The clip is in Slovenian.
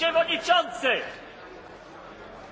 przewodniczący!